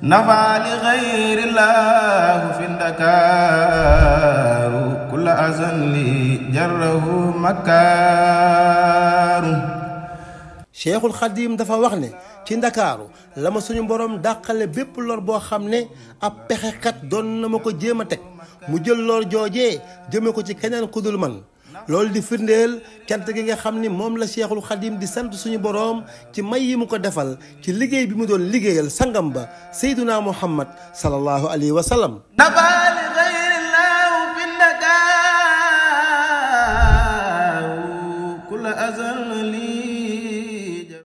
نفع لغير الله في الدكار كل أذن لي جره مكار cheikhul xadim dafa wax ne ci ndakaaru la ma suñu borom dàqale bépp lor boo xam ne ab pexekat doon na ma ko jéem a teg mu jël lor joojee jëme ko ci keneen ku dul man lol di firndeel cant gi nga xamni mom la Cheikhul Khadim di sant suñu borom ci may yi mu ko defal ci liggey bi mu doon liggeyal sangam ba sayyiduna Muhammad sallallahu alayhi wa sallam كل أزل لي